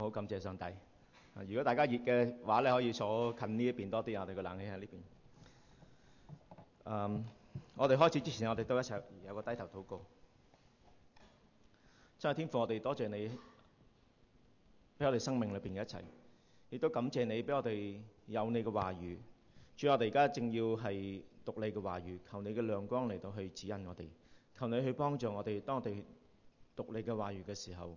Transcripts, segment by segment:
好，感謝上帝。如果大家熱嘅話咧，你可以坐近呢一邊多啲，我哋嘅冷氣喺呢邊。Um, 我哋開始之前，我哋都一齊有一個低頭禱告。真係天父，我哋多謝你俾我哋生命裏邊嘅一切，亦都感謝你俾我哋有你嘅話語。主，我哋而家正要係讀你嘅話語，求你嘅亮光嚟到去指引我哋，求你去幫助我哋。當我哋讀你嘅話語嘅時候，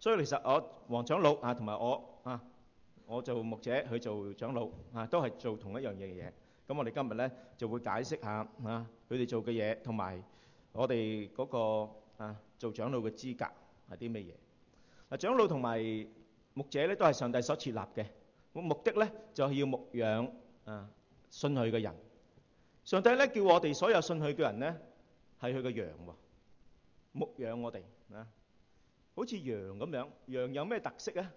所以其實我黃長老啊，同埋我啊，我做牧者去做長老啊，都係做同一樣嘢嘅嘢。咁我哋今日咧就會解釋下啊，佢哋做嘅嘢同埋我哋嗰個啊做長老嘅資格係啲咩嘢？嗱，長老同埋牧者咧都係上帝所設立嘅，目的咧就係要牧養啊信佢嘅人。上帝咧叫我哋所有信佢嘅人咧係佢嘅羊喎，牧養我哋啊。好似羊咁樣，羊有咩特色啊？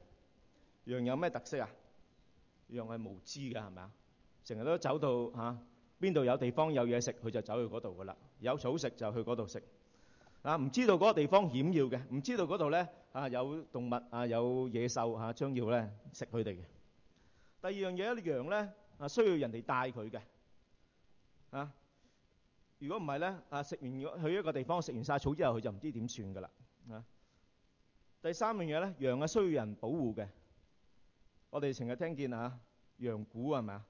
羊有咩特色啊？羊係無知㗎，係咪啊？成日都走到嚇邊度有地方有嘢食，佢就走去嗰度㗎喇。有草食就去嗰度食啊！唔知道嗰個地方險要嘅，唔知道嗰度咧啊有動物啊有野獸嚇將要咧食佢哋嘅。第二樣嘢，呢羊咧啊需要人哋帶佢嘅啊。如果唔係咧啊，食完去一個地方食完晒草之後，佢就唔知點算㗎喇啊！第三樣嘢咧，羊係需要人保護嘅。我哋成日聽見啊，羊牯係咪啊？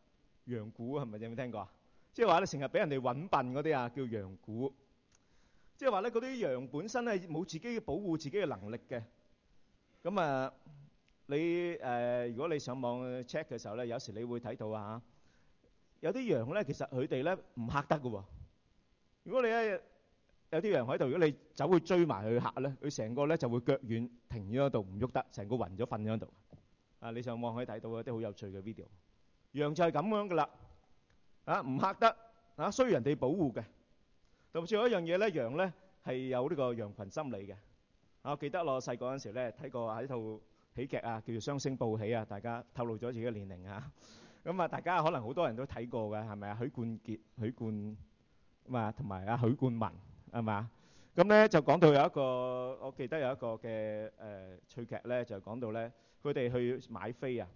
羊牯係咪？有冇聽過啊？即係話咧，成日俾人哋搵笨嗰啲啊，叫羊牯。即係話咧，嗰啲羊本身咧冇自己保護自己嘅能力嘅。咁啊，你誒，如果你上網 check 嘅時候咧，有時你會睇到啊，有啲羊咧，其實佢哋咧唔嚇得㗎喎。如果你係，有啲羊喺度，如果你走去追埋去嚇咧，佢成個咧就會腳軟，停咗喺度唔喐得，成個暈咗瞓咗喺度。啊，你上網可以睇到一啲好有趣嘅 video。羊就係咁樣噶啦，啊唔嚇得，啊需要人哋保護嘅。同埋最後一樣嘢咧，羊咧係有呢個羊羣心理嘅。啊，我記得我細個嗰陣時咧睇過喺套喜劇啊，叫做《雙星報喜》啊，大家透露咗自己嘅年齡啊。咁啊，大家可能好多人都睇過嘅係咪啊？許冠傑、許冠咁啊，同埋啊許冠文。係嘛？咁咧就講到有一個，我記得有一個嘅誒趣劇咧，就講到咧，佢哋去買飛啊，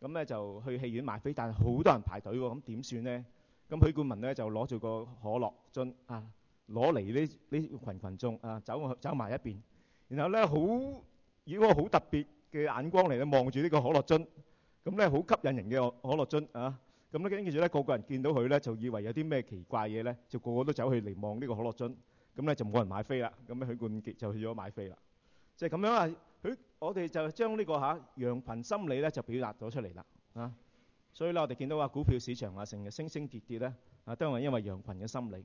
咁咧就去戲院買飛，但係好多人排隊喎，咁點算咧？咁許冠文咧就攞住個可樂樽啊，攞嚟呢呢羣羣眾啊走走埋一邊，然後咧好以一個好特別嘅眼光嚟咧望住呢個可樂樽，咁咧好吸引人嘅個可樂樽啊！咁咧跟住咧個個人見到佢咧就以為有啲咩奇怪嘢咧，就個個都走去嚟望呢個可樂樽，咁咧就冇人買飛啦。咁咧許冠傑就去咗買飛啦。即係咁樣啊，佢我哋就將呢個嚇羊羣心理咧就表達咗出嚟啦啊！所以咧我哋見到啊股票市場啊成日升升跌跌咧啊都係因為羊羣嘅心理。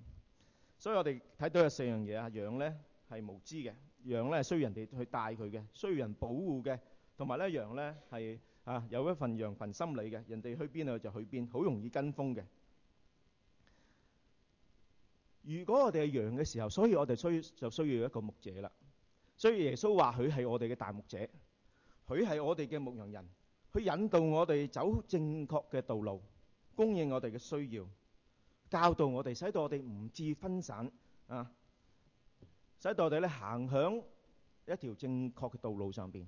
所以我哋睇到有四樣嘢啊，羊咧係無知嘅，羊咧需要人哋去帶佢嘅，需要人保護嘅，同埋咧羊咧係。啊，有一份羊群心理嘅，人哋去邊啊就去邊，好容易跟風嘅。如果我哋係羊嘅時候，所以我哋需就需要一個牧者啦。所以耶穌話：佢係我哋嘅大牧者，佢係我哋嘅牧羊人，佢引導我哋走正確嘅道路，供應我哋嘅需要，教導我哋，使到我哋唔至分散啊，使到我哋咧行響一條正確嘅道路上邊。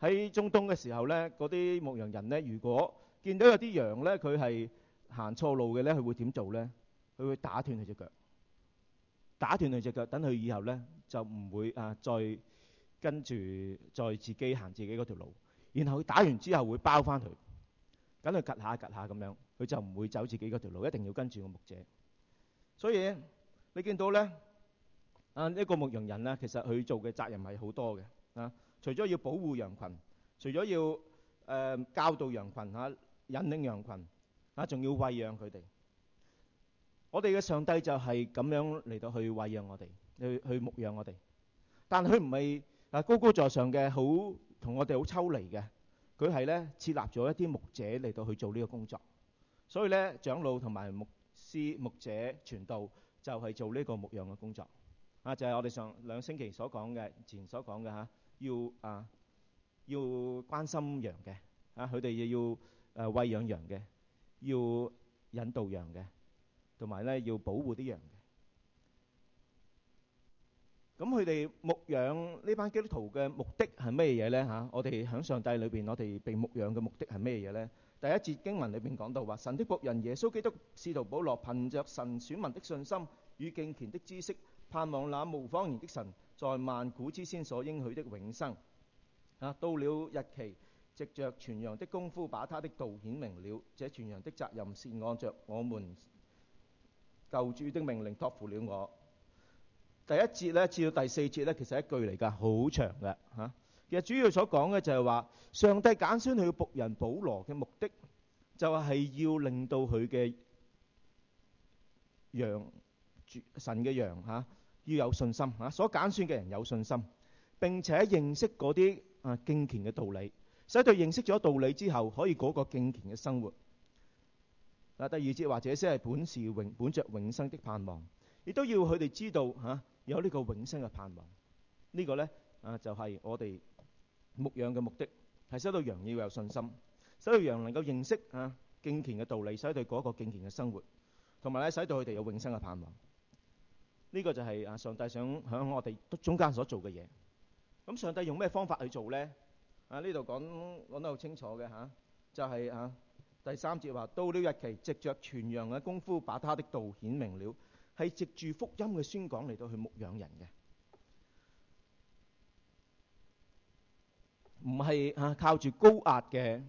喺中東嘅時候咧，嗰啲牧羊人咧，如果見到有啲羊咧，佢係行錯路嘅咧，佢會點做咧？佢會打斷佢隻腳，打斷佢隻腳，等佢以後咧就唔會啊再跟住再自己行自己嗰條路。然後打完之後會包返佢，等佢趷下趷下咁樣，佢就唔會走自己嗰條路，一定要跟住個牧者。所以咧，你見到咧啊一個牧羊人咧，其實佢做嘅責任係好多嘅啊。除咗要保護羊群，除咗要誒教導羊群嚇、引領羊群嚇，仲要餵養佢哋。我哋嘅上帝就係咁樣嚟到去餵養我哋、去去牧養我哋。但係佢唔係啊高高在上嘅，好同我哋好抽離嘅。佢係咧設立咗一啲牧者嚟到去做呢個工作。所以咧，長老同埋牧師、牧者、傳道就係做呢個牧羊嘅工作。啊！就係我哋上兩星期所講嘅，之前所講嘅嚇，要啊要關心羊嘅啊，佢哋亦要誒餵養羊嘅，要引導羊嘅，同埋咧要保護啲羊嘅。咁佢哋牧養呢班基督徒嘅目的係咩嘢咧？嚇，我哋響上帝裏邊，我哋被牧養嘅目的係咩嘢咧？第一節經文裏邊講到話，神的僕人耶穌基督、使徒保羅，憑著神選民的信心與敬虔的知識。盼望那無方言的神在萬古之先所應許的永生，啊，到了日期，藉着傳揚的功夫把他的道顯明了。這傳揚的責任，是按着我們救主的命令託付了我。第一節呢，至到第四節呢，其實是一句嚟噶，好長嘅。吓，啊，其實主要所講嘅就係話，上帝揀選佢僕人保羅嘅目的，就係要令到佢嘅羊，神嘅羊，吓，啊。要有信心嚇，所揀選嘅人有信心，並且認識嗰啲啊敬虔嘅道理，使到認識咗道理之後，可以過個敬虔嘅生活。嗱，第二節或者先係本是永本著永生的盼望，亦都要佢哋知道嚇，有呢個永生嘅盼望。呢個咧啊，就係我哋牧養嘅目的，係使到羊要有信心，使到羊能夠認識啊敬虔嘅道理，使到嗰個敬虔嘅生活，同埋咧使到佢哋有永生嘅盼望。呢、這個就係啊上帝想響我哋中間所做嘅嘢。咁上帝用咩方法去做呢？啊呢度講講得好清楚嘅嚇、啊，就係、是、啊第三節話：到呢日期，藉着傳揚嘅功夫，把他的道顯明了，係藉住福音嘅宣講嚟、啊啊、到去牧養人嘅，唔係啊靠住高壓嘅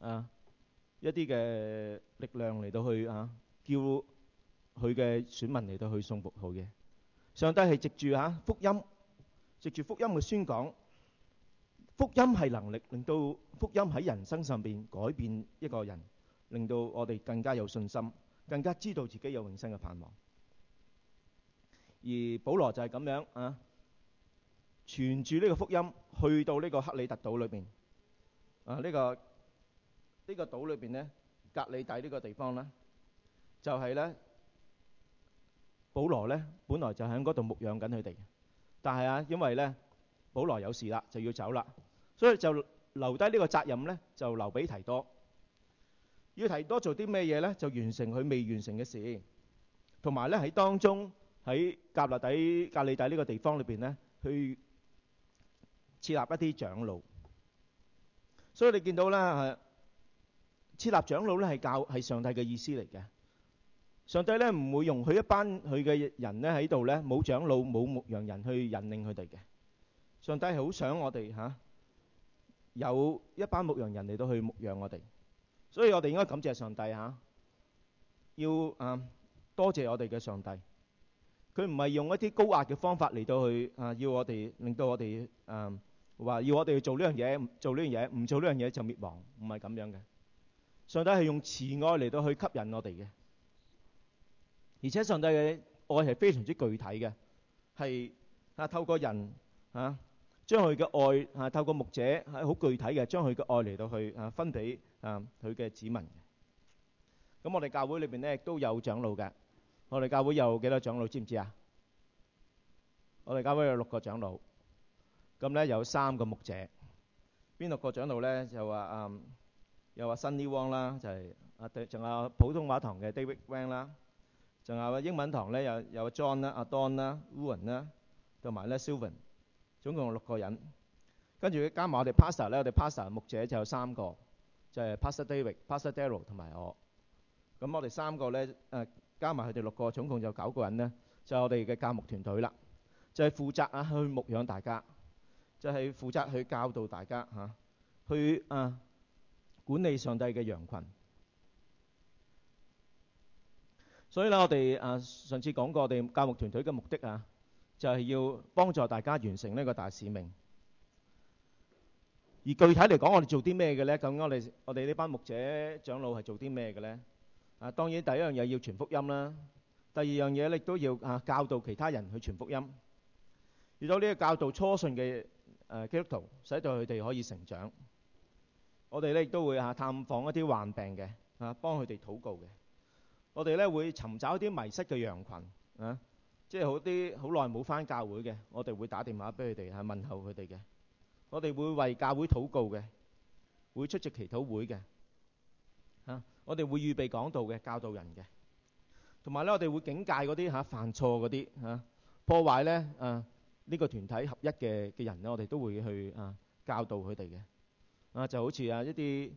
啊一啲嘅力量嚟到去啊叫佢嘅選民嚟到去送牧袍嘅。上帝係藉住、啊、福音，藉住福音嘅宣講，福音係能力，令到福音喺人生上面改變一個人，令到我哋更加有信心，更加知道自己有永生嘅盼望。而保羅就係咁樣啊，傳住呢個福音去到呢個克里特島裏面。啊呢、呢個呢、呢個島裏邊呢，格里底呢個地方呢，就係、是、呢。保羅咧本來就喺嗰度牧養緊佢哋，但係啊，因為咧保羅有事啦，就要走啦，所以就留低呢個責任咧，就留俾提多。要提多做啲咩嘢咧？就完成佢未完成嘅事，同埋咧喺當中喺革哩底、革哩底呢個地方裏邊咧，去設立一啲長老。所以你見到咧，設立長老咧係教係上帝嘅意思嚟嘅。上帝咧唔會容許一班佢嘅人咧喺度咧冇長老、冇牧羊人去引領佢哋嘅。上帝係好想我哋嚇有一班牧羊人嚟到去牧養我哋，所以我哋應該感謝上帝嚇，要誒多謝我哋嘅上帝。佢唔係用一啲高壓嘅方法嚟到去誒要我哋令到我哋誒話要我哋去做呢樣嘢，做呢樣嘢唔做呢樣嘢就滅亡，唔係咁樣嘅。上帝係用慈愛嚟到去吸引我哋嘅。而且上帝嘅愛係非常之具體嘅，係啊，透過人啊，將佢嘅愛啊，透過牧者係好具體嘅，將佢嘅愛嚟到去啊分俾啊佢嘅子民。咁我哋教會裏邊咧亦都有長老嘅，我哋教會有幾多長老？知唔知啊？我哋教會有六個長老，咁咧有三個牧者。邊六個長老咧？就話嗯，又話 Sunny Wong 啦，就係啊，對，仲有普通話堂嘅 David Wang 啦。仲有英文堂咧，有有 John 啦、阿 Don 啦、Ulan 啦，同埋咧 Silvan，總共六個人。跟住加埋我哋 Pastor 咧，我哋 Pastor 牧者就有三個，就係 Pastor David、Pastor Darryl 同埋我。咁我哋三個咧，誒加埋佢哋六個，總共就九個人咧，就係我哋嘅教牧團隊啦。就係負責啊去牧養大家，就係負責去教導大家吓，去啊管理上帝嘅羊羣。所以咧，我哋啊上次講過，我哋教牧團隊嘅目的啊，就係要幫助大家完成呢個大使命。而具體嚟講，我哋做啲咩嘅呢？咁我哋我哋呢班牧者長老係做啲咩嘅呢？啊，當然第一樣嘢要傳福音啦。第二樣嘢咧，亦都要啊教導其他人去傳福音，遇到呢個教導初信嘅誒基督徒，使到佢哋可以成長。我哋咧亦都會啊探訪一啲患病嘅啊，幫佢哋禱告嘅。我哋咧會尋找啲迷失嘅羊群，啊，即係好啲好耐冇返教會嘅，我哋會打電話俾佢哋嚇，問候佢哋嘅。我哋會為教會禱告嘅，會出席祈禱會嘅嚇、啊。我哋會預備講道嘅，教導人嘅。同埋咧，我哋會警戒嗰啲嚇犯錯嗰啲嚇破壞咧啊呢、這個團體合一嘅嘅人咧，我哋都會去啊教導佢哋嘅啊，就好似啊一啲。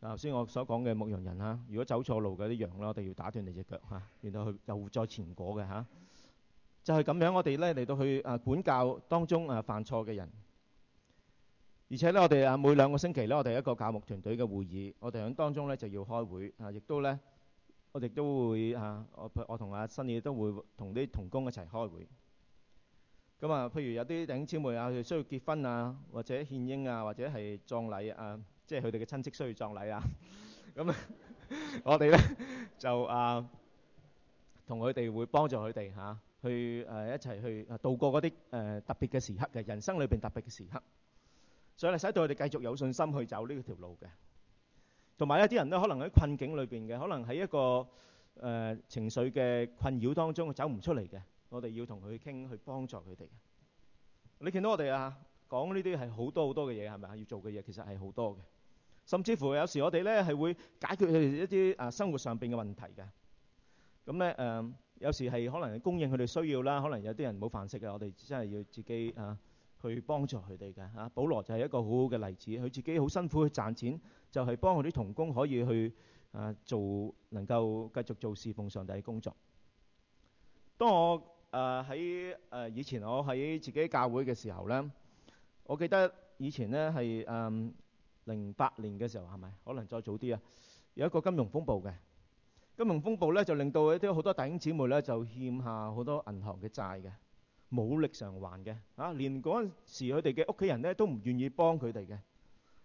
嗱、啊，頭先我所講嘅牧羊人啦、啊，如果走錯路嘅啲羊咧，我哋要打斷你隻腳嚇，令到佢又再前過嘅嚇。就係、是、咁樣，我哋咧嚟到去誒、啊、管教當中誒、啊、犯錯嘅人，而且咧我哋啊每兩個星期呢我哋一個教牧團隊嘅會議，我哋響當中咧就要開會啊，亦都咧我哋都會嚇、啊、我我同阿新嘅都會同啲同工一齊開會。咁啊，譬如有啲弟兄姊妹啊，需要結婚啊，或者獻嬰啊，或者係葬禮啊。即係佢哋嘅親戚需要葬禮啊。咁我哋咧就啊同佢哋會幫助佢哋嚇，去誒一齊去度過嗰啲誒特別嘅時刻嘅人生裏邊特別嘅時刻，所以咧使到佢哋繼續有信心去走呢條路嘅。同埋一啲人咧可能喺困境裏邊嘅，可能喺一個誒情緒嘅困擾當中走唔出嚟嘅，我哋要同佢傾去幫助佢哋。你見到我哋啊講呢啲係好多好多嘅嘢係咪啊？要做嘅嘢其實係好多嘅。甚至乎有時我哋咧係會解決佢哋一啲啊生活上面嘅問題嘅，咁咧誒有時係可能供應佢哋需要啦，可能有啲人冇飯食嘅，我哋真係要自己啊去幫助佢哋嘅嚇。保羅就係一個好好嘅例子，佢自己好辛苦去賺錢，就係幫佢啲同工可以去啊做，能夠繼續做侍奉上帝嘅工作。當我誒喺誒以前我喺自己教會嘅時候咧，我記得以前咧係誒。零八年嘅時候係咪？可能再早啲啊，有一個金融風暴嘅。金融風暴咧就令到一啲好多弟兄姊妹咧就欠下好多銀行嘅債嘅，冇力償還嘅啊！連嗰陣時佢哋嘅屋企人咧都唔願意幫佢哋嘅。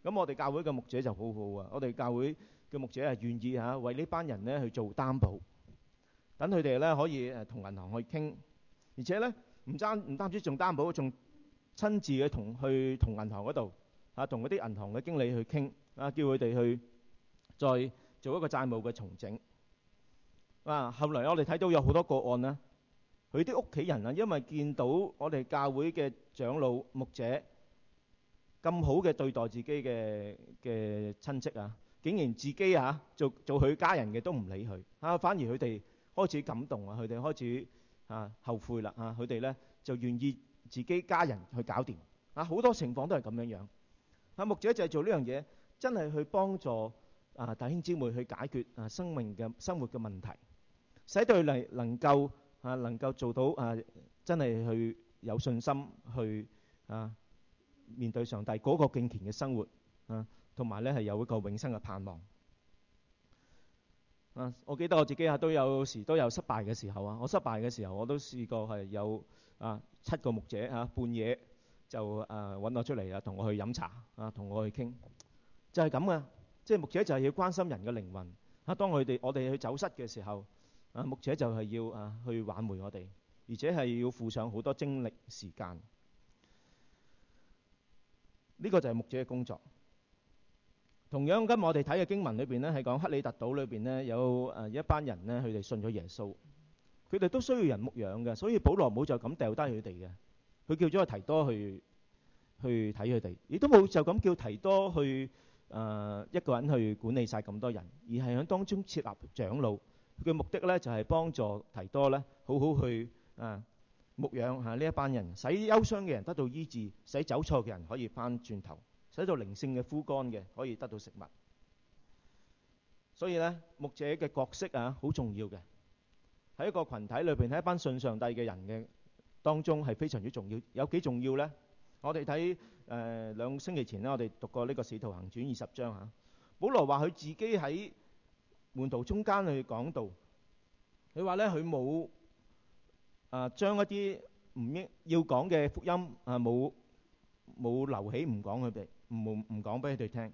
咁我哋教會嘅牧者就好好啊，我哋教會嘅牧者係願意嚇為呢班人咧去做擔保，等佢哋咧可以誒同銀行去傾，而且咧唔單唔單止仲擔保，仲親自去同去同銀行嗰度。啊，同嗰啲銀行嘅經理去傾啊，叫佢哋去再做一個債務嘅重整。啊，後嚟我哋睇到有好多個案啦，佢啲屋企人啊，因為見到我哋教會嘅長老牧者咁好嘅對待自己嘅嘅親戚啊，竟然自己啊做做佢家人嘅都唔理佢啊，反而佢哋開始感動啊，佢哋開始啊後悔啦啊，佢哋咧就願意自己家人去搞掂啊，好多情況都係咁樣樣。啊，牧者就係做呢樣嘢，真係去幫助啊弟兄姊妹去解決啊生命嘅生活嘅問題，使到嚟能夠啊能夠做到啊真係去有信心去啊面對上帝嗰個敬虔嘅生活啊，同埋咧係有一個永生嘅盼望啊！我記得我自己啊都有時都有失敗嘅時候啊，我失敗嘅時候我都試過係有啊七個牧者嚇、啊、半夜。就誒揾我出嚟啊，同我去飲茶啊，同我去傾，就係咁噶。即係牧者就係要關心人嘅靈魂嚇，當佢哋我哋去走失嘅時候啊，牧者就係要啊去挽回我哋，而且係要付上好多精力時間。呢個就係牧者嘅工作。同樣，今我哋睇嘅經文裏邊咧，係講克里特島裏邊咧有誒一班人咧，佢哋信咗耶穌，佢哋都需要人牧養嘅，所以保羅冇就咁掉低佢哋嘅。佢叫咗阿提多去去睇佢哋，亦都冇就咁叫提多去誒一個人去管理曬咁多人，而係喺當中設立長老。佢嘅目的呢就係幫助提多呢好好去啊牧養下呢一班人，使憂傷嘅人得到醫治，使走錯嘅人可以返轉頭，使到靈性嘅枯乾嘅可以得到食物。所以呢牧者嘅角色啊好重要嘅，喺一個羣體裏邊，喺一班信上帝嘅人嘅。當中係非常之重要，有幾重要呢？我哋睇誒兩星期前呢，我哋讀過呢個使徒行傳二十章嚇。保羅話佢自己喺門徒中間去講道，佢話呢佢冇啊將一啲唔應要講嘅福音啊冇冇留起唔講佢哋，唔冇唔講俾佢哋聽。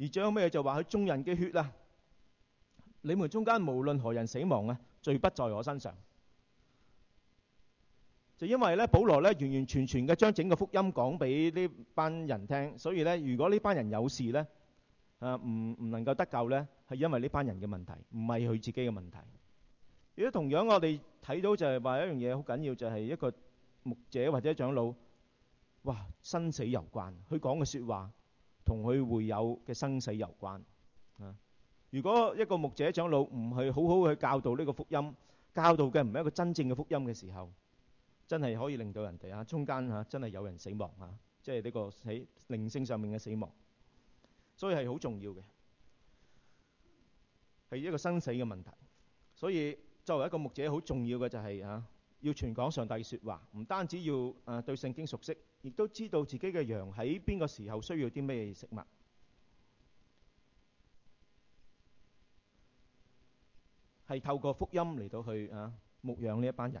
而最後尾就話佢眾人嘅血啊，你們中間無論何人死亡啊，罪不在我身上。就因為咧，保羅咧完完全全嘅將整個福音講俾呢班人聽，所以咧，如果呢班人有事咧，啊唔唔能夠得救咧，係因為呢班人嘅問題，唔係佢自己嘅問題。如果同樣我哋睇到就係話一樣嘢好緊要，就係一個牧者或者長老，哇生死有關，佢講嘅説話同佢會有嘅生死有關。啊，如果一個牧者長老唔係好好去教導呢個福音，教導嘅唔係一個真正嘅福音嘅時候。真係可以令到人哋啊，中間啊真係有人死亡啊，即係呢個喺靈性上面嘅死亡，所以係好重要嘅，係一個生死嘅問題。所以作為一個牧者，好重要嘅就係、是、啊，要傳講上帝嘅說話，唔單止要啊對聖經熟悉，亦都知道自己嘅羊喺邊個時候需要啲咩食物，係透過福音嚟到去啊牧養呢一班人。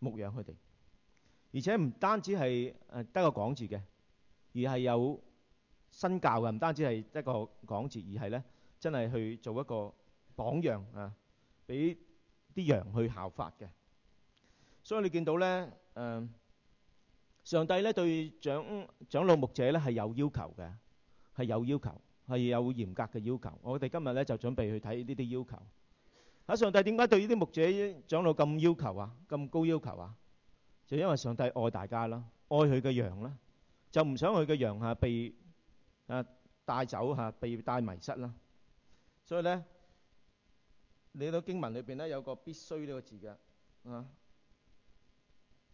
牧養佢哋，而且唔單止係誒得個講字嘅，而係有身教嘅，唔單止係得個講字，而係咧真係去做一個榜樣啊，俾啲羊去效法嘅。所以你見到咧，誒，上帝咧對長長老牧者咧係有要求嘅，係有要求，係有嚴格嘅要求。我哋今日咧就準備去睇呢啲要求。啊！上帝點解對呢啲牧者長老咁要求啊？咁高要求啊？就因為上帝愛大家啦，愛佢嘅羊啦，就唔想佢嘅羊嚇被啊帶走嚇，被帶迷失啦。所以咧，你睇到經文裏邊咧有個必須呢個字嘅啊，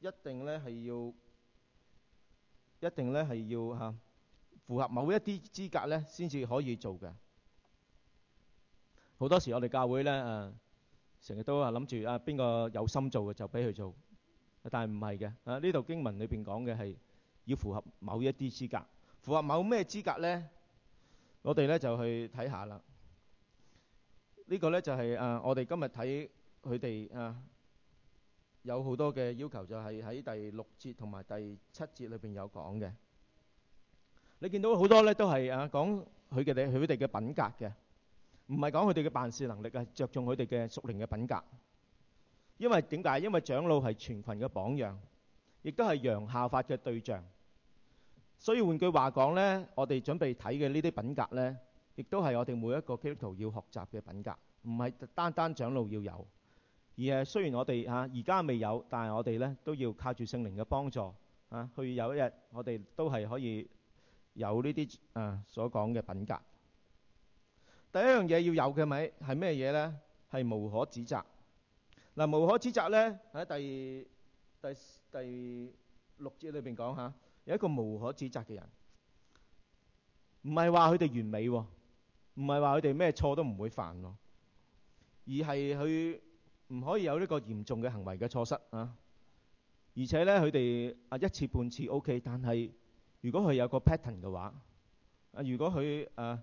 一定咧係要，一定咧係要嚇符合某一啲資格咧先至可以做嘅。好多時我哋教會咧啊～成日都話諗住啊，邊個有心做嘅就俾佢做，但係唔係嘅啊？呢度經文裏邊講嘅係要符合某一啲資格，符合某咩資格咧？我哋咧就去睇下啦。呢個咧就係啊，我哋今日睇佢哋啊，有好多嘅要求就係喺第六節同埋第七節裏邊有講嘅。你見到好多咧都係啊，講佢哋佢哋嘅品格嘅。唔係講佢哋嘅辦事能力啊，係着重佢哋嘅屬靈嘅品格。因為點解？因為長老係全群嘅榜樣，亦都係羊效法嘅對象。所以換句話講呢，我哋準備睇嘅呢啲品格呢，亦都係我哋每一個基督徒要學習嘅品格，唔係單單長老要有，而係雖然我哋嚇而家未有，但係我哋咧都要靠住聖靈嘅幫助嚇，去有一日我哋都係可以有呢啲啊所講嘅品格。第一樣嘢要有嘅咪係咩嘢呢？係無可指責。嗱，無可指責呢，喺第第第六節裏面講下，有一個無可指責嘅人，唔係話佢哋完美喎，唔係話佢哋咩錯都唔會犯喎，而係佢唔可以有呢個嚴重嘅行為嘅錯失啊。而且呢，佢哋啊一次半次 OK，但係如果佢有個 pattern 嘅話，啊如果佢啊。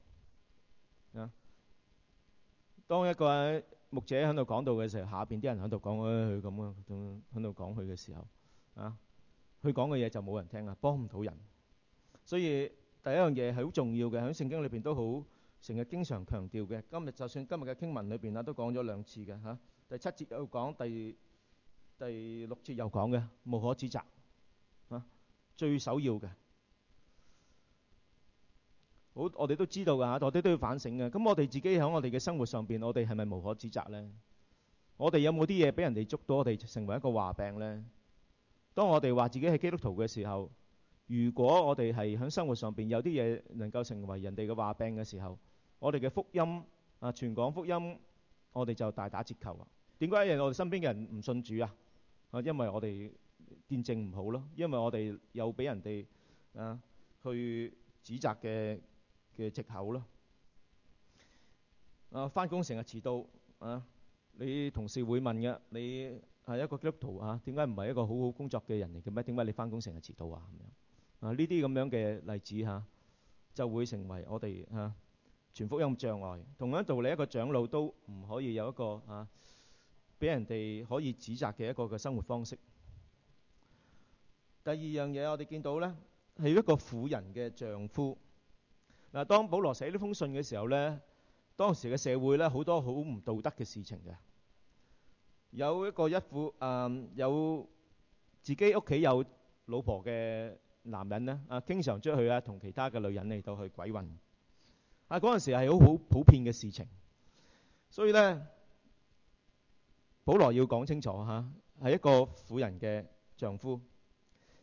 當一個牧者喺度講道嘅時候，下邊啲人喺度講佢咁啊，喺度講佢嘅時候，啊，佢講嘅嘢，就冇人聽啊，幫唔到人。所以第一樣嘢係好重要嘅，喺聖經裏邊都好成日經常強調嘅。今日就算今日嘅經文裏邊啊，都講咗兩次嘅吓，啊，第七節有講，第第六節又講嘅，無可指責啊，最首要嘅。.好，我哋都知道噶嚇，我哋都要反省嘅。咁我哋自己喺我哋嘅生活上邊，我哋係咪無可指責呢？我哋有冇啲嘢俾人哋捉到我哋成為一個話柄呢？當我哋話自己係基督徒嘅時候，如果我哋係喺生活上邊有啲嘢能夠成為人哋嘅話柄嘅時候，我哋嘅福音啊，全港福音，我哋就大打折扣啊。點解我哋身邊嘅人唔信主啊？啊，因為我哋見證唔好咯，因為我哋有俾人哋啊去指責嘅。嘅藉口咯。啊，翻工成日遲到啊！你同事會問嘅，你係一個基督徒啊？點解唔係一個好好工作嘅人嚟嘅咩？點解你翻工成日遲到啊？咁樣啊，呢啲咁樣嘅例子吓就會成為我哋吓傳福音障礙。同樣道理，一個長老都唔可以有一個吓俾人哋可以指責嘅一個嘅生活方式。第二樣嘢，我哋見到咧，係一個婦人嘅丈夫。嗱，當保羅寫呢封信嘅時候咧，當時嘅社會咧好多好唔道德嘅事情嘅，有一個一夫，呃、有自己屋企有老婆嘅男人呢啊，經常出去啊，同其他嘅女人嚟到去鬼混，啊，嗰陣時係好好普遍嘅事情，所以咧，保羅要講清楚吓，係一個婦人嘅丈夫，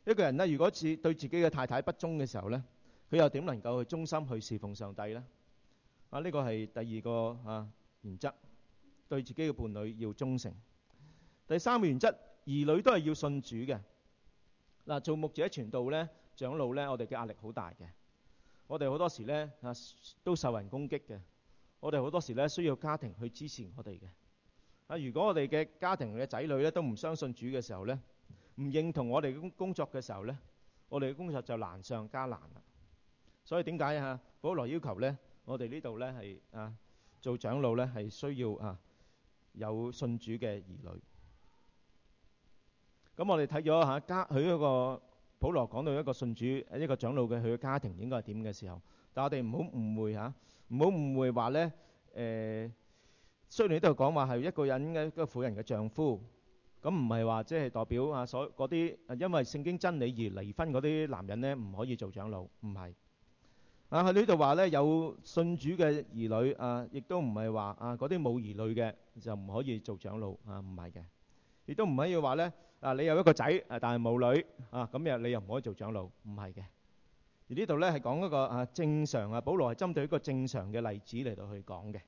一個人呢如果似對自己嘅太太不忠嘅時候咧。佢又點能夠去忠心去侍奉上帝咧？啊，呢個係第二個啊原則，對自己嘅伴侶要忠誠。第三個原則，兒女都係要信主嘅。嗱，做牧者喺傳道咧、長老咧，我哋嘅壓力好大嘅。我哋好多時咧啊，都受人攻擊嘅。我哋好多時咧需要家庭去支持我哋嘅。啊，如果我哋嘅家庭嘅仔女咧都唔相信主嘅時候咧，唔認同我哋工工作嘅時候咧，我哋嘅工作就難上加難啦。所以點解啊？保羅要求咧，我哋呢度咧係啊，做長老咧係需要啊有信主嘅兒女。咁我哋睇咗下家佢嗰個保羅講到一個信主一個長老嘅佢嘅家庭應該係點嘅時候，但係我哋唔好誤會嚇，唔好誤會話咧誒，雖然喺度講話係一個人嘅一個婦人嘅丈夫，咁唔係話即係代表啊所嗰啲因為聖經真理而離婚嗰啲男人咧唔可以做長老，唔係。啊，佢呢度話咧有信主嘅兒女啊，亦都唔係話啊嗰啲冇兒女嘅就唔可以做長老啊，唔係嘅，亦都唔係要話咧啊你有一個仔啊，但係冇女啊，咁又你又唔可以做長老，唔係嘅。而呢度咧係講一個啊正常啊，保羅係針對一個正常嘅例子嚟到去講嘅。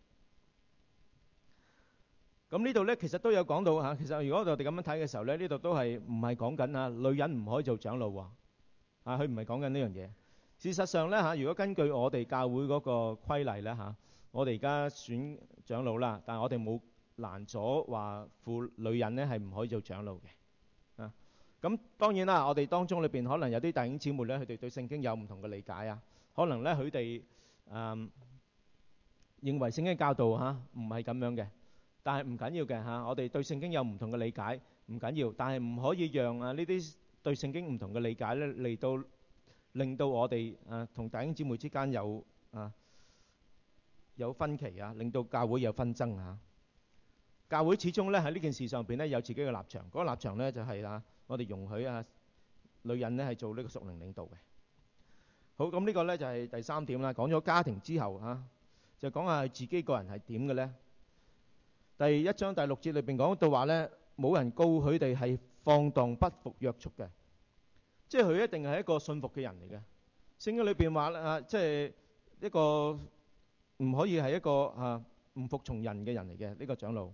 咁呢度咧其實都有講到嚇，其實如果我哋咁樣睇嘅時候咧，呢度都係唔係講緊啊女人唔可以做長老喎，啊佢唔係講緊呢樣嘢。事實上呢吓，如果根據我哋教會嗰個規例呢吓，我哋而家選長老啦，但係我哋冇攔阻話婦女人呢係唔可以做長老嘅。啊，咁當然啦，我哋當中裏邊可能有啲弟兄姊妹呢，佢哋對聖經有唔同嘅理解啊，可能呢佢哋嗯認為聖經教導吓唔係咁樣嘅，但係唔緊要嘅吓，我哋對聖經有唔同嘅理解唔緊要，但係唔可以讓啊呢啲對聖經唔同嘅理解呢嚟到令到我哋啊同弟兄姊妹之間有啊有分歧啊，令到教會有紛爭啊。教會始終咧喺呢件事上邊咧有自己嘅立場，嗰個立場咧就係啊，我哋容許啊女人咧係做呢個屬靈領導嘅。好，咁呢個咧就係第三點啦。講咗家庭之後啊，就講下自己個人係點嘅咧。第一章第六節裏邊講到話咧，冇人告許佢哋係放蕩不服約束嘅。即係佢一定係一個信服嘅人嚟嘅。聖經裏邊話啊，即係一個唔可以係一個啊唔服從人嘅人嚟嘅呢個長老。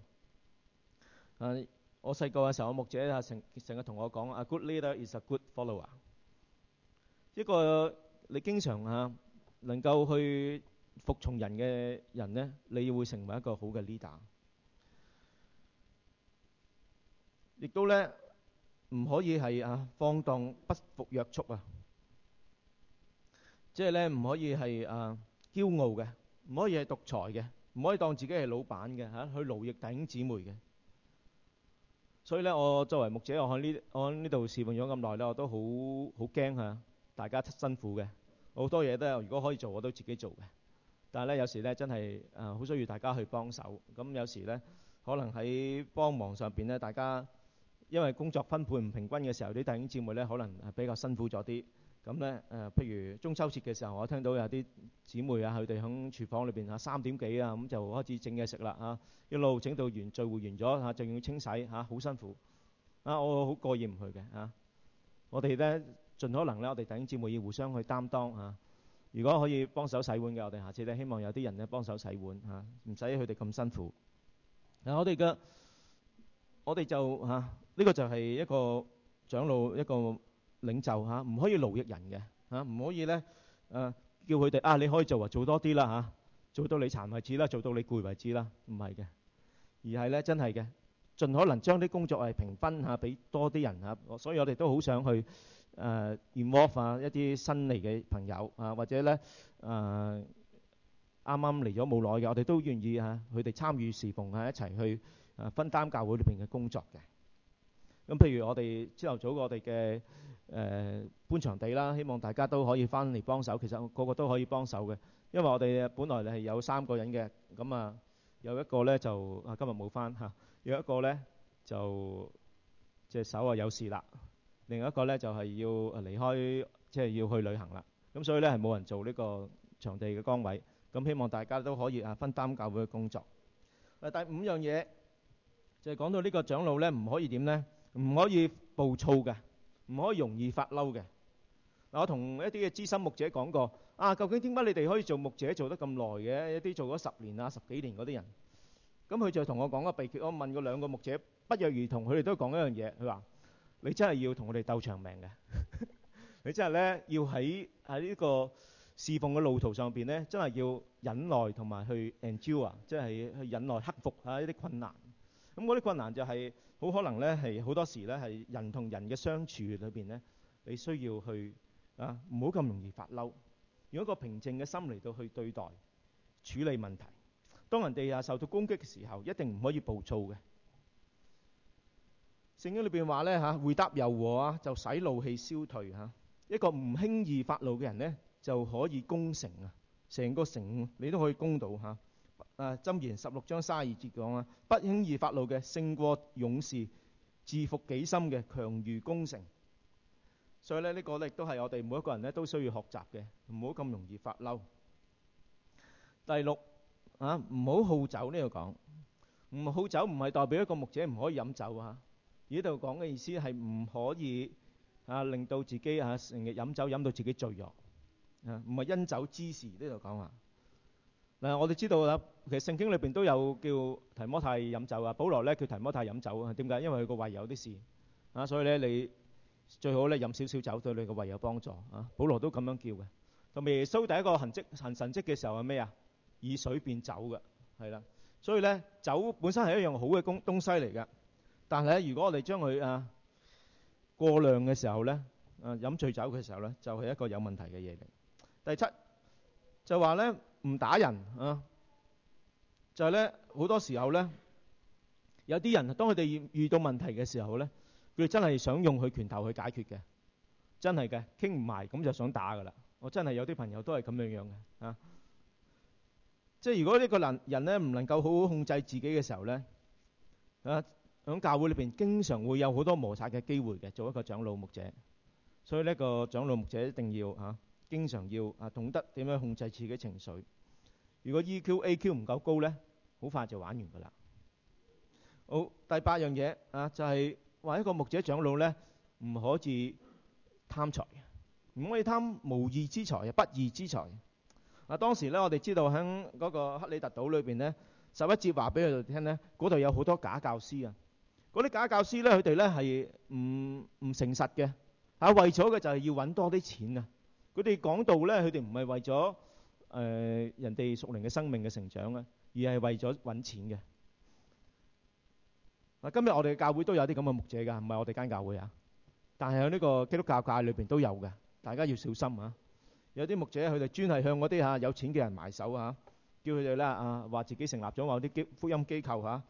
啊，我細個嘅時候，我牧者啊成成日同我講啊，A good leader is a good follower。一個你經常啊能夠去服從人嘅人咧，你會成為一個好嘅 leader。亦都咧。唔可以係啊放蕩不服約束啊！即係咧唔可以係啊驕傲嘅，唔可以係獨裁嘅，唔可以當自己係老闆嘅嚇，去奴役弟兄姊妹嘅。所以咧，我作為牧者，我喺呢我喺呢度侍奉咗咁耐啦，我都好好驚嚇，大家辛苦嘅。好多嘢都有。如果可以做，我都自己做嘅。但係咧，有時咧真係啊，好需要大家去幫手。咁有時咧，可能喺幫忙上邊咧，大家。因為工作分配唔平均嘅時候，啲弟兄姊妹咧可能係比較辛苦咗啲。咁呢，誒、呃，譬如中秋節嘅時候，我聽到有啲姊妹啊，佢哋響廚房裏邊啊三點幾啊，咁、嗯、就開始整嘢食啦嚇、啊，一路整到完聚會完咗嚇，仲、啊、要清洗嚇，好、啊、辛苦啊！我好過意唔去嘅嚇、啊。我哋呢，盡可能呢，我哋弟兄姊妹要互相去擔當嚇、啊。如果可以幫手洗碗嘅，我哋下次呢，希望有啲人呢幫手洗碗嚇，唔使佢哋咁辛苦。啊，我哋嘅我哋就嚇。啊。呢個就係一個長老一個領袖嚇，唔可以勞役人嘅嚇，唔可以咧誒叫佢哋啊，你可以做啊，做多啲啦嚇，做到你殘為止啦，做到你攰為止啦，唔係嘅，而係咧真係嘅，盡可能將啲工作係平分嚇俾多啲人嚇，所以我哋都好想去誒 involve 啊一啲新嚟嘅朋友啊，或者咧誒啱啱嚟咗冇耐嘅，我哋都願意嚇佢哋參與侍奉啊，一齊去誒分擔教會裏邊嘅工作嘅。咁譬如我哋朝頭早我哋嘅誒搬場地啦，希望大家都可以翻嚟幫手。其實個個都可以幫手嘅，因為我哋本來係有三個人嘅。咁啊有一個咧就啊今日冇翻嚇，有一個咧就隻手啊有事啦，另一個咧就係要離開，即係要去旅行啦。咁所以咧係冇人做呢個場地嘅崗位。咁希望大家都可以啊分擔教會嘅工作。誒第五樣嘢就係講到呢個長老咧，唔可以點咧？唔可以暴躁嘅，唔可以容易發嬲嘅。嗱，我同一啲嘅資深牧者講過，啊，究竟點解你哋可以做牧者做得咁耐嘅？一啲做咗十年啊、十幾年嗰啲人，咁佢就同我講個秘訣。我問嗰兩個牧者，不約而同，佢哋都講一樣嘢。佢話：你真係要同我哋鬥長命嘅，你真係咧要喺喺呢個侍奉嘅路途上邊咧，真係要忍耐同埋去 endure 啊，即係去忍耐克服啊一啲困難。咁嗰啲困難就係。好可能咧，係好多時咧，係人同人嘅相處裏邊咧，你需要去啊，唔好咁容易發嬲，用一個平靜嘅心嚟到去對待處理問題。當人哋啊受到攻擊嘅時候，一定唔可以暴躁嘅。聖經裏邊話咧嚇，回答柔和啊，就使怒氣消退嚇。一個唔輕易發怒嘅人咧，就可以攻城啊，成個城你都可以攻到嚇。啊，箴言十六章三二節講啊，不輕易發怒嘅勝過勇士，治服己心嘅強如攻城。所以咧，呢個咧亦都係我哋每一個人咧都需要學習嘅，唔好咁容易發嬲。第六啊，唔好好酒，呢度講，唔好酒唔係代表一個牧者唔可以飲酒啊，呢度講嘅意思係唔可以啊令到自己啊成日飲酒飲到自己醉弱啊，唔係因酒滋事呢度講話。嗱，我哋知道啦。其實聖經裏邊都有叫提摩太飲酒啊。保羅咧叫提摩太飲酒啊。點解？因為佢個胃有啲事啊，所以咧你最好咧飲少少酒，對你個胃有幫助啊。保羅都咁樣叫嘅。同埋耶穌第一個行跡行神跡嘅時候係咩啊？以水變酒嘅，係啦。所以咧酒本身係一樣好嘅工東西嚟㗎，但係咧如果我哋將佢啊過量嘅時候咧啊飲醉酒嘅時候咧，就係一個有問題嘅嘢嚟。第七就話咧唔打人啊。就係咧，好多時候咧，有啲人當佢哋遇到問題嘅時候咧，佢哋真係想用佢拳頭去解決嘅，真係嘅，傾唔埋咁就想打噶啦。我真係有啲朋友都係咁樣樣嘅啊。即係如果個呢個能人咧唔能夠好好控制自己嘅時候咧，啊，響教會裏面經常會有好多摩擦嘅機會嘅，做一個長老牧者，所以呢個長老牧者一定要嚇、啊，經常要啊懂得點樣控制自己情緒。如果 EQ、AQ 唔夠高咧，好快就玩完噶啦。好，第八樣嘢啊，就係話一個牧者長老咧，唔可以貪財，唔可以貪無義之財、不義之財。啊，當時咧，我哋知道喺嗰個克里特島裏邊咧，十一節話俾佢哋聽咧，嗰度有好多假教師啊。嗰啲假教師咧，佢哋咧係唔唔誠實嘅，啊為咗嘅就係要揾多啲錢啊。佢哋講道咧，佢哋唔係為咗。誒人哋屬靈嘅生命嘅成長咧，而係為咗揾錢嘅。嗱，今日我哋嘅教會都有啲咁嘅牧者㗎，唔係我哋間教會啊，但係喺呢個基督教界裏邊都有嘅，大家要小心啊！有啲牧者佢哋專係向嗰啲嚇有錢嘅人埋手啊，叫佢哋咧啊話自己成立咗某啲福音機構嚇，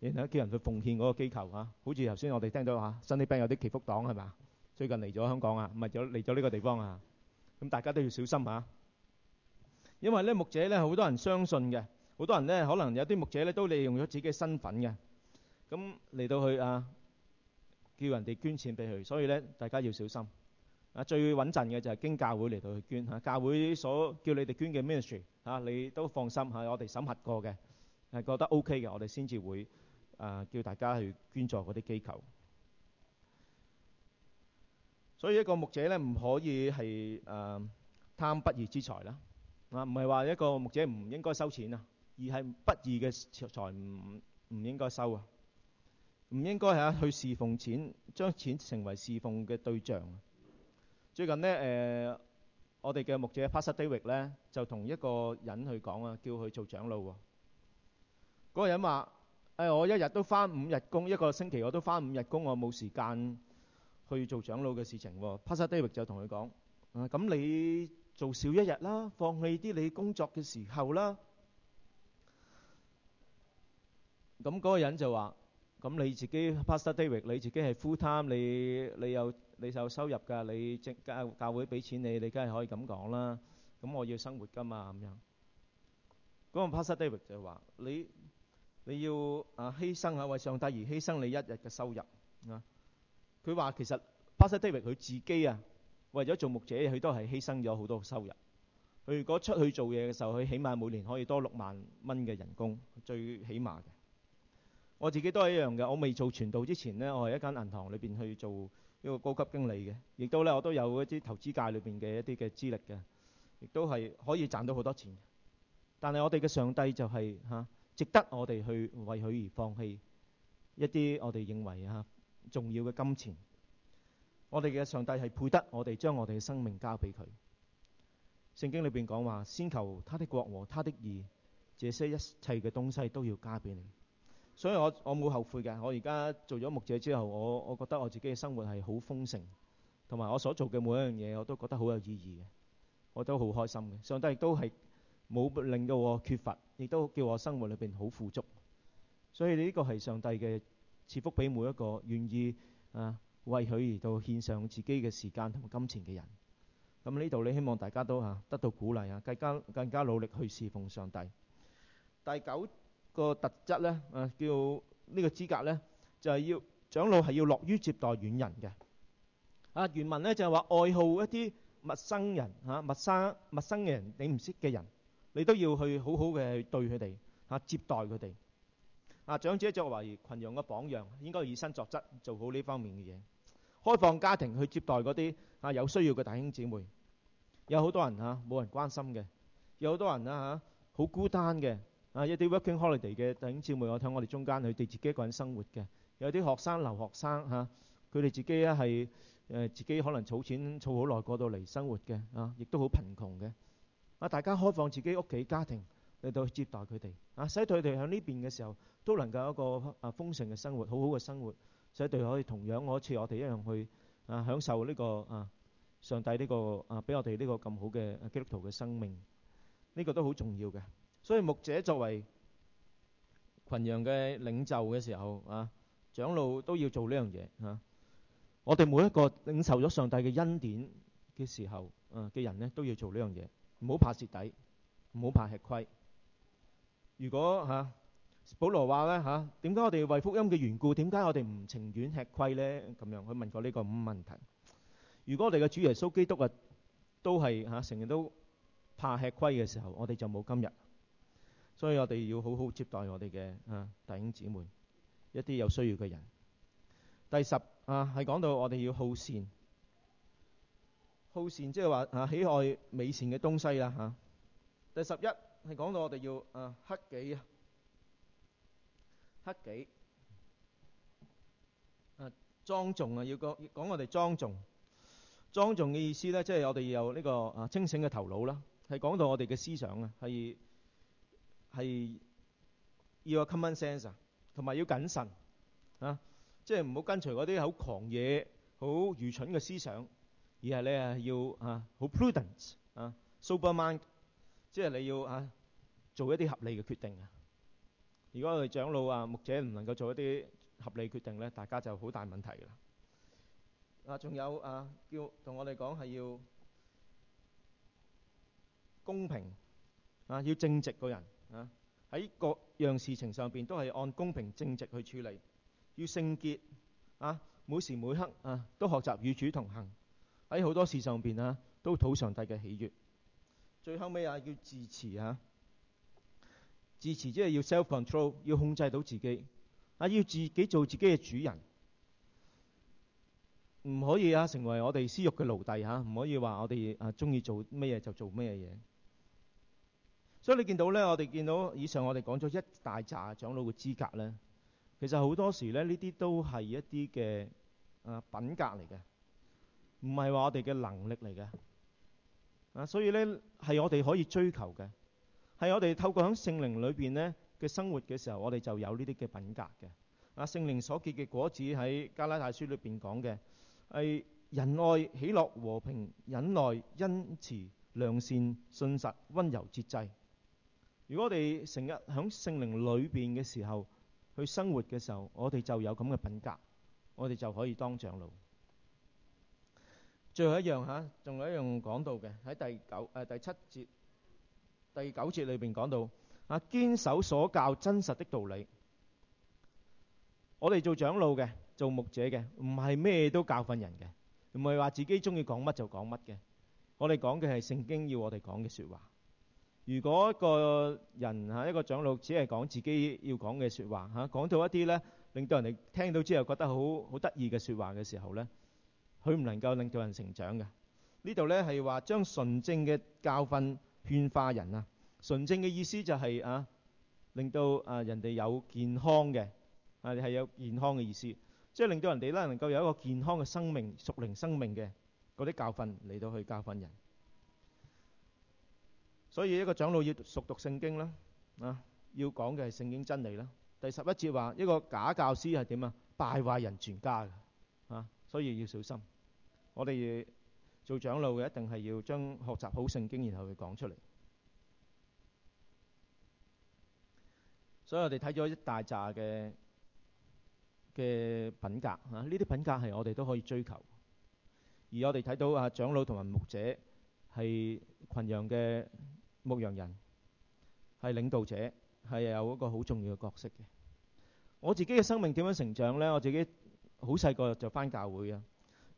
然後叫人去奉獻嗰個機構嚇。好似頭先我哋聽到嚇，新啲餅有啲祈福黨係嘛，最近嚟咗香港啊，唔係咗嚟咗呢個地方啊，咁大家都要小心嚇。因為咧，牧者咧好多人相信嘅，好多人咧可能有啲牧者咧都利用咗自己嘅身份嘅，咁嚟到去啊叫人哋捐錢俾佢，所以咧大家要小心啊！最穩陣嘅就係經教會嚟到去捐嚇，教會所叫你哋捐嘅 ministry 嚇，你都放心嚇，我哋審核過嘅，係覺得 OK 嘅，我哋先至會啊叫大家去捐助嗰啲機構。所以一個牧者咧唔可以係誒貪不義之財啦。啊，唔係話一個牧者唔應該收錢啊，而係不義嘅財唔唔應該收啊，唔應該係去侍奉錢，將錢成為侍奉嘅對象。最近咧，誒，我哋嘅牧者 Pastor David 咧，就同一個人去講啊，叫佢做長老喎。嗰個人話：誒，我一日都返五日工，一個星期我都返五日工，我冇時間去做長老嘅事情喎。Pastor David 就同佢講：啊，咁你？做少一日啦，放棄啲你工作嘅時候啦。咁嗰個人就話：咁你自己，Pastor David，你自己係 full time，你你有你有收入㗎，你即教教會俾錢你，你梗係可以咁講啦。咁我要生活㗎嘛，咁樣。嗰個 Pastor David 就話：你你要啊犧牲啊，為上帝而犧牲你一日嘅收入啊。佢話其實 Pastor David 佢自己啊。為咗做牧者，佢都係犧牲咗好多收入。佢如果出去做嘢嘅時候，佢起碼每年可以多六萬蚊嘅人工，最起碼嘅。我自己都係一樣嘅。我未做傳道之前呢，我係一間銀行裏邊去做一個高級經理嘅，亦都呢我都有一啲投資界裏邊嘅一啲嘅資歷嘅，亦都係可以賺到好多錢。但係我哋嘅上帝就係吓，值得我哋去為佢而放棄一啲我哋認為吓重要嘅金錢。我哋嘅上帝係配得我哋將我哋嘅生命交俾佢。聖經裏邊講話，先求他的國和他的義，這些一切嘅東西都要加俾你。所以我我冇後悔嘅。我而家做咗牧者之後，我我覺得我自己嘅生活係好豐盛，同埋我所做嘅每一樣嘢，我都覺得好有意義嘅，我都好開心嘅。上帝亦都係冇令到我缺乏，亦都叫我生活裏邊好富足。所以呢個係上帝嘅賜福俾每一個願意啊，為佢而到獻上自己嘅時間同埋金錢嘅人，咁呢度你希望大家都啊得到鼓勵啊，更加更加努力去侍奉上帝。第九個特質呢，啊叫呢個資格呢，就係、是、要長老係要樂於接待遠人嘅。啊原文呢，就係、是、話愛好一啲陌生人，吓、啊、陌生陌生嘅人你唔識嘅人，你都要去好好嘅對佢哋，吓、啊、接待佢哋。啊長者作為群眾嘅榜樣，應該以身作則做好呢方面嘅嘢，開放家庭去接待嗰啲啊有需要嘅弟兄姊妹，有好多人嚇冇、啊、人關心嘅，有好多人啦好、啊、孤單嘅啊一啲 working holiday 嘅弟兄姊妹，我睇我哋中間佢哋自己一個人生活嘅，有啲學生留學生嚇佢哋自己咧、呃、自己可能儲錢儲好耐過到嚟生活嘅啊，亦都好貧窮嘅啊，大家開放自己屋企家庭。家庭嚟到接待佢哋啊，使佢哋喺呢邊嘅時候都能夠一個啊豐盛嘅生活，好好嘅生活，使佢可以同樣好似我哋一樣去啊享受呢個啊上帝呢個啊俾我哋呢個咁好嘅基督徒嘅生命，呢個都好重要嘅。所以牧者作為羣羊嘅領袖嘅時候啊，長老都要做呢樣嘢啊。我哋每一個領受咗上帝嘅恩典嘅時候啊嘅人咧，都要做呢樣嘢，唔好怕蝕底，唔好怕吃虧。如果嚇，保、啊、羅話咧吓，點、啊、解我哋要為福音嘅緣故，點解我哋唔情願吃虧咧？咁樣佢問過呢個咁嘅問題。如果我哋嘅主耶穌基督啊，都係吓，成、啊、日都怕吃虧嘅時候，我哋就冇今日。所以我哋要好好接待我哋嘅啊弟兄姊妹，一啲有需要嘅人。第十啊，係講到我哋要好善，好善即係話啊喜愛美善嘅東西啦嚇、啊。第十一。係講到我哋要啊，克、呃、己、克己，啊、呃、莊重啊，要講講我哋莊重。莊重嘅意思咧，即、就、係、是、我哋要有呢、這個啊清醒嘅頭腦啦。係講到我哋嘅思想啊，係係要有 common sense 啊，同埋要謹慎啊，即係唔好跟隨嗰啲好狂野、好愚蠢嘅思想，而係你係要啊好 prudent 啊，sober mind。即係你要啊，做一啲合理嘅決定啊！如果我哋長老啊、牧者唔能夠做一啲合理的決定呢，大家就好大問題啦。啊，仲有啊，叫同我哋講係要公平啊，要正直個人啊，喺各樣事情上面都係按公平正直去處理，要聖潔啊，每時每刻啊都學習與主同行，喺好多事上面啊，啊都討上帝嘅喜悅。最後尾啊，要自持啊，自持即係要 self control，要控制到自己啊，要自己做自己嘅主人，唔可以啊成為我哋私欲嘅奴隸嚇，唔可以話我哋啊中意做乜嘢就做乜嘢。所以你見到呢，我哋見到以上我哋講咗一大紮長老嘅資格呢。其實好多時呢，呢啲都係一啲嘅品格嚟嘅，唔係話我哋嘅能力嚟嘅。啊，所以呢係我哋可以追求嘅，係我哋透過喺聖靈裏邊呢嘅生活嘅時候，我哋就有呢啲嘅品格嘅。啊，聖靈所結嘅果子喺加拉太書裏邊講嘅係仁愛、喜樂、和平、忍耐、恩慈、良善、信實、温柔、節制。如果我哋成日喺聖靈裏邊嘅時候去生活嘅時候，我哋就有咁嘅品格，我哋就可以當長老。最後一樣嚇，仲有一樣講到嘅，喺第九誒第七節、第九節裏邊講到啊，堅守所教真實的道理。我哋做長老嘅、做牧者嘅，唔係咩都教訓人嘅，唔係話自己中意講乜就講乜嘅。我哋講嘅係聖經要我哋講嘅説話。如果一個人嚇，一個長老只係講自己要講嘅説話嚇，講到一啲呢令到人哋聽到之後覺得好好得意嘅説話嘅時候呢。佢唔能夠令到人成長嘅。呢度咧係話將純正嘅教訓勸化人啊。純正嘅意思就係啊，令到啊人哋有健康嘅啊，係有健康嘅意思，即係令到人哋咧能夠有一個健康嘅生命、屬靈生命嘅嗰啲教訓嚟到去教訓人。所以一個長老要熟讀聖經啦，啊，要講嘅係聖經真理啦。第十一節話一個假教師係點啊？敗壞人全家嘅啊，所以要小心。我哋做長老嘅一定係要將學習好聖經，然後去講出嚟。所以我哋睇咗一大扎嘅嘅品格嚇，呢啲品格係我哋都可以追求。而我哋睇到啊，長老同埋牧者係群羊嘅牧羊人，係領導者，係有一個好重要嘅角色嘅。我自己嘅生命點樣成長咧？我自己好細個就返教會啊。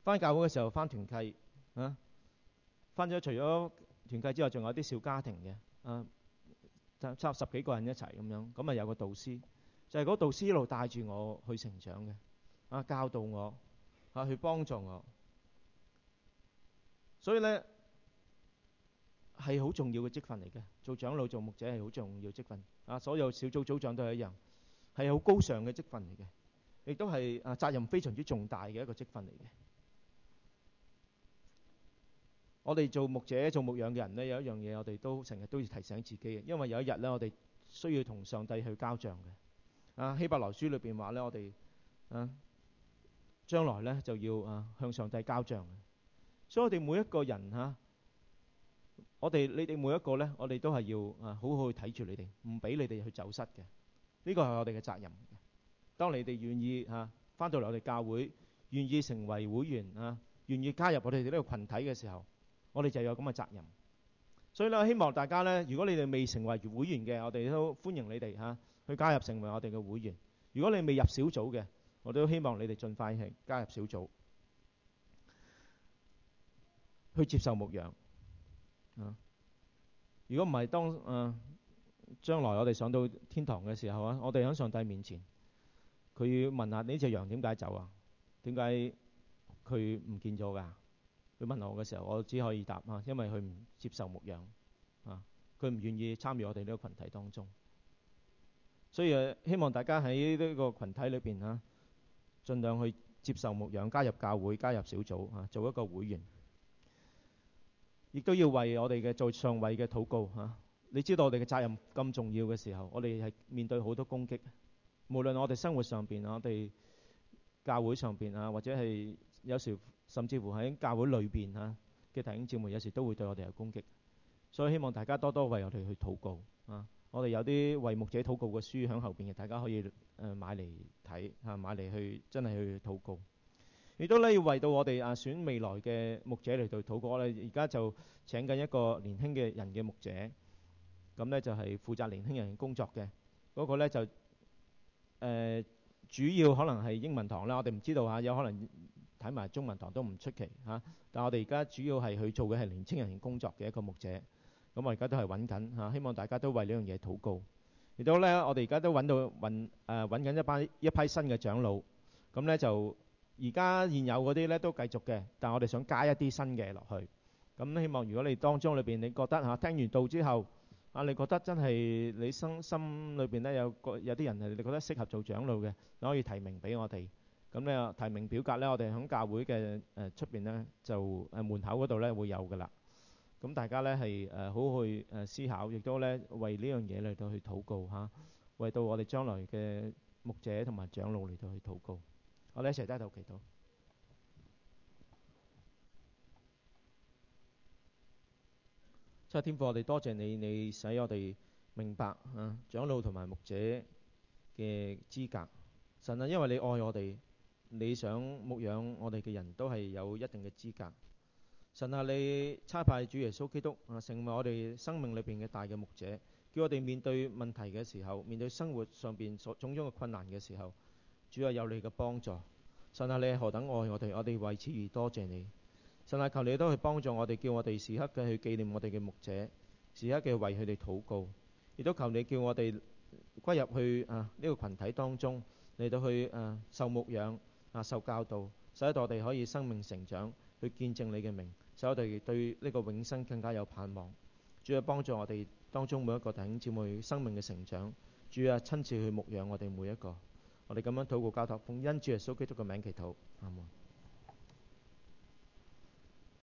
翻教會嘅時候，翻團契啊，翻咗除咗團契之外，仲有啲小家庭嘅啊，差十,十幾個人一齊咁樣，咁啊有個導師，就係、是、嗰導師一路帶住我去成長嘅啊，教導我啊，去幫助我，所以呢，係好重要嘅職分嚟嘅。做長老做牧者係好重要職分啊，所有小組組長都係一樣，係好高尚嘅職分嚟嘅，亦都係啊責任非常之重大嘅一個職分嚟嘅。我哋做牧者、做牧養嘅人呢，有一樣嘢，我哋都成日都要提醒自己嘅，因為有一日呢，我哋需要同上帝去交帳嘅。啊，希伯來書裏邊話呢，我哋啊將來呢就要啊向上帝交帳。所以我哋每一個人嚇，我哋你哋每一個呢，我哋都係要啊好好去睇住你哋，唔俾你哋去走失嘅。呢個係我哋嘅責任。當你哋願意嚇返到嚟我哋教會，願意成為會員啊，願意加入我哋呢個羣體嘅時候，我哋就有咁嘅責任，所以呢希望大家呢，如果你哋未成為會員嘅，我哋都歡迎你哋嚇去加入成為我哋嘅會員。如果你未入小組嘅，我都希望你哋儘快去加入小組，去接受牧養。啊，如果唔係當啊，將來我哋上到天堂嘅時候啊，我哋喺上帝面前，佢要問下你呢隻羊點解走啊？點解佢唔見咗㗎？佢問我嘅時候，我只可以答啊，因為佢唔接受牧養，啊，佢唔願意參與我哋呢個群體當中。所以希望大家喺呢個群體裏邊啊，盡量去接受牧養，加入教會，加入小組啊，做一個會員。亦都要為我哋嘅在上位嘅禱告啊！你知道我哋嘅責任咁重要嘅時候，我哋係面對好多攻擊。無論我哋生活上邊啊，我哋教會上邊啊，或者係有時。甚至乎喺教會裏邊嚇嘅弟兄姊妹，有時都會對我哋有攻擊，所以希望大家多多為我哋去禱告啊！我哋有啲為牧者禱告嘅書喺後邊嘅，大家可以誒買嚟睇嚇，買嚟去真係去禱告。亦都咧要為到我哋啊選未來嘅牧者嚟到禱告咧。我哋而家就請緊一個年輕嘅人嘅牧者，咁咧就係負責年輕人工作嘅。嗰個咧就誒主要可能係英文堂啦，我哋唔知道嚇，有可能。睇埋中文堂都唔出奇嚇，但係我哋而家主要係去做嘅係年青人工作嘅一個牧者，咁我而家都係揾緊嚇，希望大家都為呢樣嘢禱告。亦都咧，我哋而家都揾到揾誒揾緊一班一批新嘅長老，咁咧就而家現有嗰啲咧都繼續嘅，但係我哋想加一啲新嘅落去。咁希望如果你當中裏邊你覺得嚇聽完道之後啊，你覺得真係你心心裏邊咧有個有啲人係你覺得適合做長老嘅，你可以提名俾我哋。咁咧提名表格咧，我哋喺教會嘅誒出邊咧，就誒門口嗰度咧會有嘅啦。咁大家咧係誒好去誒思考，亦都咧為呢樣嘢嚟到去禱告嚇，為到我哋將來嘅牧者同埋長老嚟到去禱告。我哋一齊低頭祈禱。真係天父，我哋多謝你，你使我哋明白嚇長老同埋牧者嘅資格。神啊，因為你愛我哋。你想牧養我哋嘅人都係有一定嘅資格。神啊，你差派主耶穌基督成為我哋生命裏邊嘅大嘅牧者，叫我哋面對問題嘅時候，面對生活上邊所種種嘅困難嘅時候，主啊有，有你嘅幫助。神啊，你係何等愛我哋，我哋為此而多謝你。神啊，求你都去幫助我哋，叫我哋時刻嘅去紀念我哋嘅牧者，時刻嘅為佢哋禱告。亦都求你叫我哋歸入去啊呢個群體當中，嚟到去啊受牧養。啊，受教導，使得我哋可以生命成長，去見證你嘅名，使我哋對呢個永生更加有盼望。主要幫助我哋當中每一個弟兄姊妹生命嘅成長。主啊，親自去牧養我哋每一個。我哋咁樣禱告交託奉恩主耶穌基督嘅名祈禱，Amen.